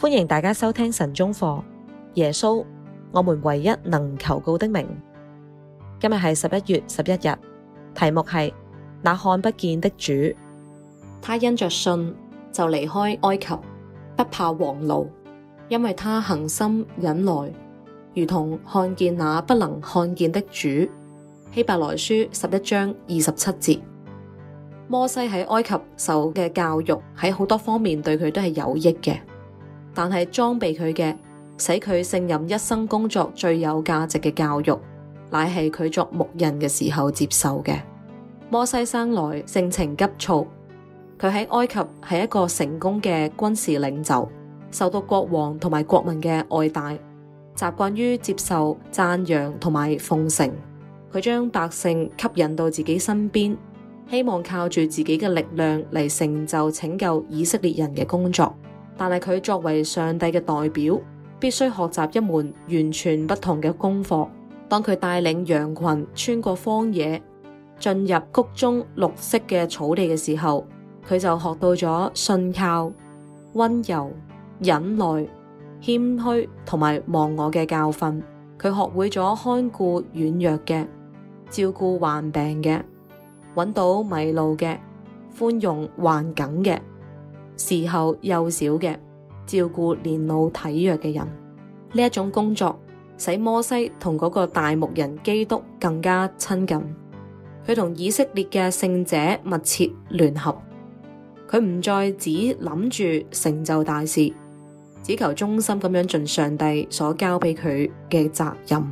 歡迎大家收聽晨鐘課。耶穌，我們唯一能求告的名。今日係十一月十一日，題目係那看不見的主。他因着信就離開埃及，不怕王怒，因為他恒心忍耐，如同看見那不能看見的主。希伯來書十一章二十七節。摩西喺埃及受嘅教育喺好多方面對佢都係有益嘅。但係裝備佢嘅，使佢勝任一生工作最有價值嘅教育，乃係佢作牧人嘅時候接受嘅。摩西生來性情急躁，佢喺埃及係一個成功嘅軍事領袖，受到國王同埋國民嘅愛戴，習慣於接受讚揚同埋奉承。佢將百姓吸引到自己身邊，希望靠住自己嘅力量嚟成就拯救以色列人嘅工作。但係佢作為上帝嘅代表，必須學習一門完全不同嘅功課。當佢帶領羊群穿過荒野，進入谷中綠色嘅草地嘅時候，佢就學到咗信靠、溫柔、忍耐、謙虛同埋忘我嘅教訓。佢學會咗看顧軟弱嘅，照顧患病嘅，揾到迷路嘅，寬容頑梗嘅。時候幼小嘅，照顧年老體弱嘅人，呢一種工作使摩西同嗰個大牧人基督更加親近。佢同以色列嘅聖者密切聯合，佢唔再只諗住成就大事，只求忠心咁樣盡上帝所交俾佢嘅責任。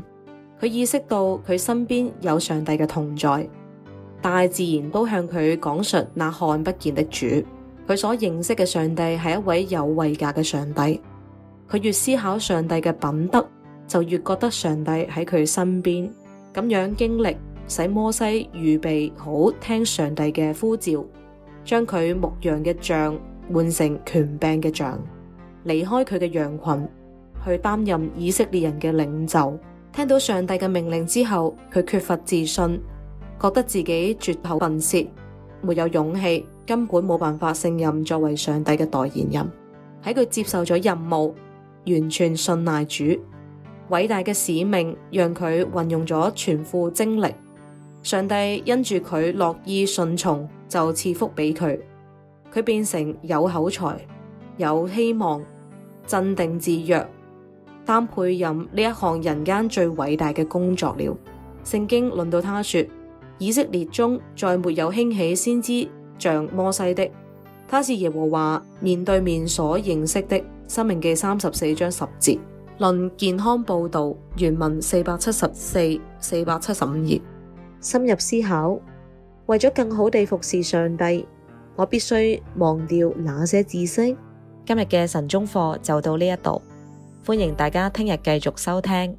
佢意識到佢身邊有上帝嘅同在，大自然都向佢講述那看不見的主。佢所認識嘅上帝係一位有位格嘅上帝，佢越思考上帝嘅品德，就越覺得上帝喺佢身邊。咁樣經歷使摩西預備好聽上帝嘅呼召，將佢牧羊嘅杖換成權柄嘅杖，離開佢嘅羊群去擔任以色列人嘅領袖。聽到上帝嘅命令之後，佢缺乏自信，覺得自己絕口笨舌，沒有勇氣。根本冇辦法勝任作為上帝嘅代言人。喺佢接受咗任務，完全信賴主偉大嘅使命，讓佢運用咗全副精力。上帝因住佢樂意順從，就賜福俾佢。佢變成有口才、有希望、鎮定自若，擔配任呢一項人間最偉大嘅工作了。聖經論到他說：以色列中再沒有興起先知。像摩西的，他是耶和華面對面所認識的。申命記三十四章十節，論健康報道原文四百七十四、四百七十五頁。深入思考，為咗更好地服侍上帝，我必須忘掉那些知識。今日嘅神宗課就到呢一度，歡迎大家聽日繼續收聽。